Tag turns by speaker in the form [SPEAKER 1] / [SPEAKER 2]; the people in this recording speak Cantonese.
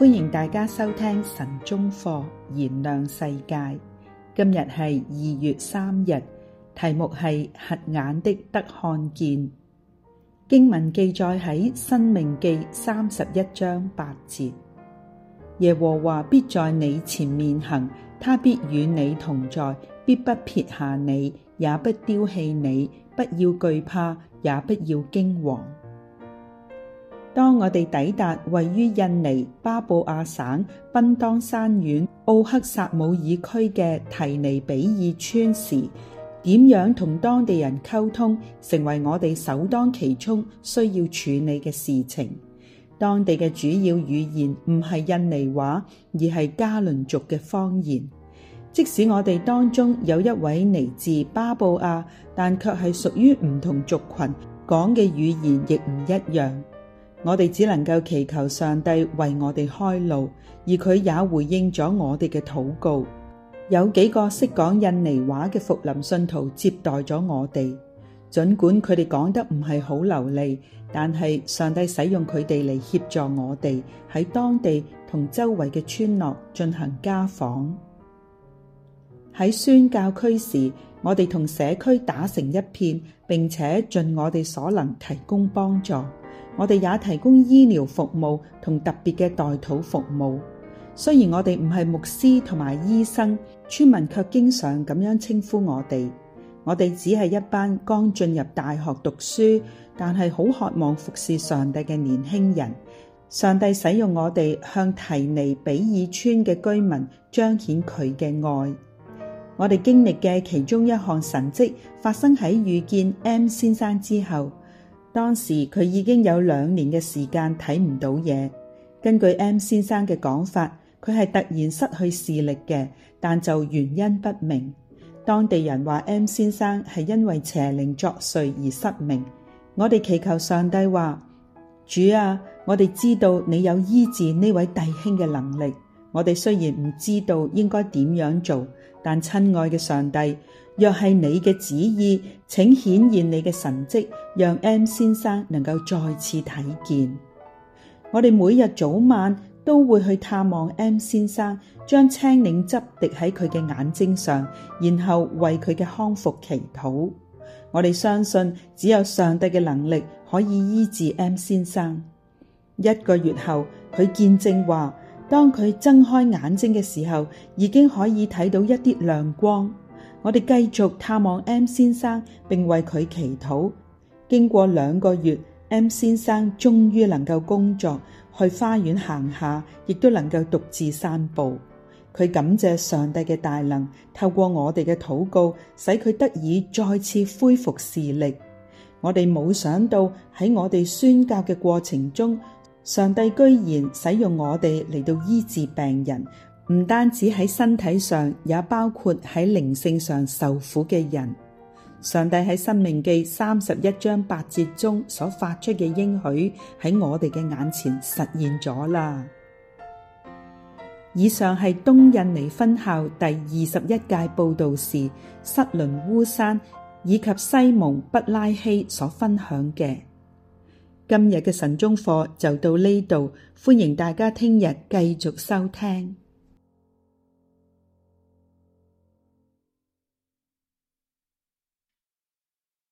[SPEAKER 1] 歡迎大家收聽晨鐘課，燃亮世界。今日係二月三日，題目係瞎眼的得看見。經文記載喺申命記三十一章八節，耶和華必在你前面行，他必與你同在，必不撇下你，也不丟棄你。不要懼怕，也不要驚惶。當我哋抵達位於印尼巴布亞省賓當山縣奧克薩姆爾區嘅提尼比爾村時，點樣同當地人溝通，成為我哋首當其衝需要處理嘅事情。當地嘅主要語言唔係印尼話，而係加倫族嘅方言。即使我哋當中有一位嚟自巴布亞，但卻係屬於唔同族群，講嘅語言亦唔一樣。我哋只能夠祈求上帝為我哋開路，而佢也回應咗我哋嘅禱告。有幾個識講印尼話嘅復臨信徒接待咗我哋，儘管佢哋講得唔係好流利，但係上帝使用佢哋嚟協助我哋喺當地同周圍嘅村落進行家訪。喺宣教區時，我哋同社區打成一片，並且盡我哋所能提供幫助。我哋也提供醫療服務同特別嘅代禱服務。雖然我哋唔係牧師同埋醫生，村民卻經常咁樣稱呼我哋。我哋只係一班剛進入大學讀書，但係好渴望服侍上帝嘅年輕人。上帝使用我哋向提尼比爾村嘅居民彰顯佢嘅愛。我哋經歷嘅其中一項神蹟，發生喺遇見 M 先生之後。當時佢已經有兩年嘅時間睇唔到嘢。根據 M 先生嘅講法，佢係突然失去視力嘅，但就原因不明。當地人話 M 先生係因為邪靈作祟而失明。我哋祈求上帝話：主啊，我哋知道你有醫治呢位弟兄嘅能力。我哋雖然唔知道應該點樣做，但親愛嘅上帝。若係你嘅旨意，請顯現你嘅神蹟，讓 M 先生能夠再次睇見。我哋每日早晚都會去探望 M 先生，將青檸汁滴喺佢嘅眼睛上，然後為佢嘅康復祈禱。我哋相信只有上帝嘅能力可以醫治 M 先生。一個月後，佢見證話，當佢睜開眼睛嘅時候，已經可以睇到一啲亮光。我哋繼續探望 M 先生，並為佢祈禱。經過兩個月，M 先生終於能夠工作，去花園行下，亦都能夠獨自散步。佢感謝上帝嘅大能，透過我哋嘅禱告，使佢得以再次恢復視力。我哋冇想到喺我哋宣教嘅過程中，上帝居然使用我哋嚟到醫治病人。唔單止喺身體上，也包括喺靈性上受苦嘅人。上帝喺《生命記》三十一章八節中所發出嘅應許，喺我哋嘅眼前實現咗啦。以上係東印尼分校第二十一屆佈道士，失倫烏山以及西蒙布拉希所分享嘅。今日嘅晨鐘課就到呢度，歡迎大家聽日繼續收聽。